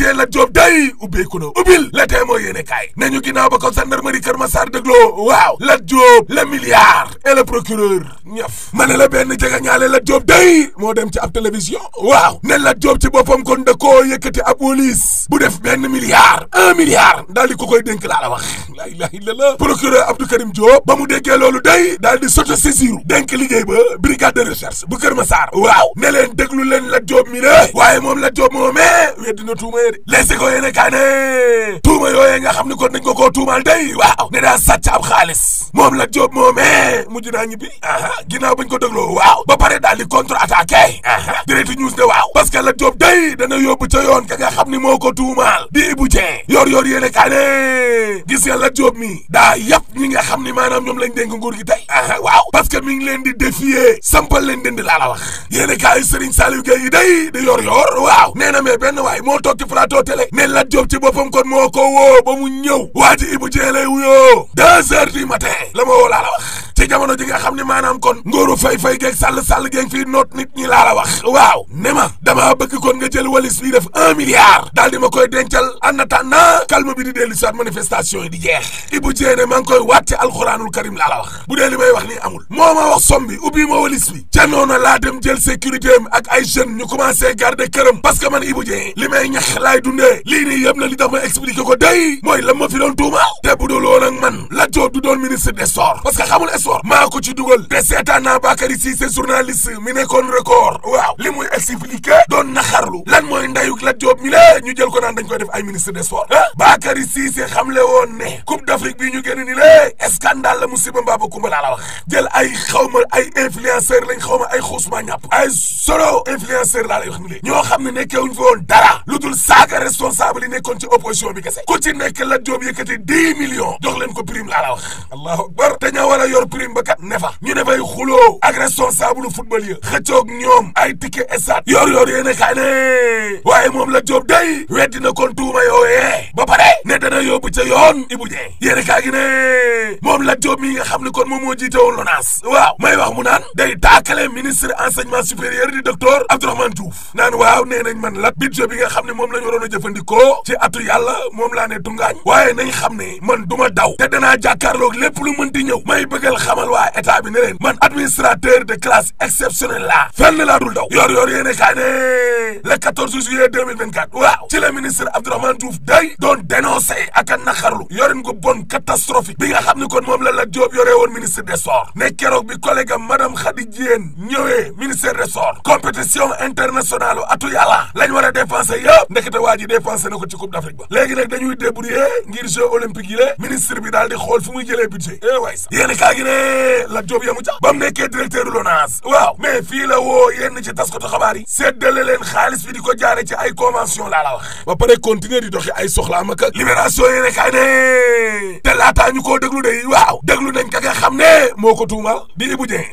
policier la Diop day ubbeeku na ubbil la tee moo yéene kaay nañu ginnaaw ba ko gendarmerie Kër Massar dégloo waaw la Diop la milliard et le procureur ñaf ma ne la benn jega la Lat Diop day moo dem ci ab télévision waaw ne Lat Diop ci boppam kon da koo yëkkati ab police bu def benn milliard un milliard daal di ko koy dénk laa la wax laa ilaaha illallaah procureur Abdou Karim Diop ba mu déggee loolu day daal di soto saisiru dénk liggéey ba brigade de recherche bu Kër Massar waaw ne leen déglu leen Lat Diop mi de waaye moom Lat Diop moomee weddi na tuuma yee de les ko yéene kaane tuuma yooyee nga xam ne kon dañ ko koo tuumaal day waaw ne daa sàcc ab xaalis moom Lat Diop moomee mujj naa ñibbi aha ginnaaw bañ ko dégloo waaw ba pare daal di contre attaqué aha direct news ne waaw parce que Lat Diop day dana yóbbu ca yoon ka nga xam ni moo ko tuumaal di Ibou Dieng yor yor yéene kaa ne gis nga Lat Diop mi daa yàpp ñi a xam ni maanaam ñoom lañ dénk nguur gi tey aha waaw parce que mi ngi leen di défier sampal leen dënd laa la wax yéene kaa yi Serigne Saliou Gueye yi day di yor yor waaw nee na mais benn waay moo toog ci plateau télé ne Lat moo ko woo ba mu ñëw la ma woo laa la wax ci jamono ji nga xam ne maanaam kon nguuru fay-fay geeg sàll-sàll geeg fii noot nit ñi laa wax waaw ne ma dama bëgg kon nga jël walis li def un milliard daal di ma koy dencal en attendant calme bi di dellu soit manifestation yi di jeex Ibou Diène maa ngi koy wàcce alxuraanul karim laa la wax bu dee li may wax ni amul moo ma wax som bi ubbi ma walis bi ca noona jël sécurité ak ay jeunes ñu commencé garder këram parce man Ibou Diène li may ñax laay dundee lii ko day mooy la ma fi doon tuumaal transport maa ko ci dugal te seetaan naa Bakary Cissé journaliste mi nekkoon record waaw li muy expliqué doon naxarlu lan mooy ndayuk Lat Diop mi la ñu jël ko naan dañ koy def ay ministre des sports ah Bakary Cissé xamle woon ne Coupe d'Afrique bi ñu génn ni la scandale la musiba mbaaba kumba laa la wax jël ay xawma ay influenceur lañ xawma ay xuusma ñàpp ay solo influenceur laa lay wax ni le ñoo xam ne nekkewuñ fa woon dara lu dul saaga responsable yi nekkoon ci opposition bi kese ku ci a yor tribune ba kat ne fa ñu ne fay xuloo ak responsable football yi xëccoog ñoom ay ticket stade yoor yoor yéene kaay ne waaye moom la Diop day weddi na kon tuuma yooyee ba pare ne dana yóbbu ca yoon Ibou Dieng yéene kaay gi la Lat Diop mi nga xam ne kon moom moo jiite woon LONASE waaw may wax mu naan day taakale ministre enseignement supérieur di docteur Abdourahmane Diouf naan waaw nee nañ man lat budget bi nga xam ne moom la ñu waroon a jëfandikoo ci atu yàlla moom laa ne tungaañ waaye nañ xam ne man du daw te danaa jàkkaarloog lépp lu mën di ñëw may bëggal xamal waa état ne leen man administrateur de classe exceptionnelle laa fenn laa dul daw yor yor yéene kaa la ministre Abdourahmane Diouf day doon dénoncé ak a naqarlu yorin gu moom la Lat Diop yore woon ministre des sports ne keroog bi collègue am madame Khady Diène ñëwee ministère des sports atu yàlla lañ war a dépensé yëpp ndekete waa i dépensé na ko ci coupe d' afrique ba léegi nag dañuy débrouiller ngir jeux olympiques yi la ministre bi daal di xool fu muy jëlee budget eh waay sax yéen kaa gi ne Lat Diop yamu ca ba mu nekkee directeur LONASE waaw mais fii la woo yenn ci taskatu xabaar yi xaalis bi ko jaare ci ay convention laa la ba pare continuer di doxi ay soxlaam ak libération yéen waaw déglu nañ ka nga xam ne moo ko tuumaal di Ibou Dieng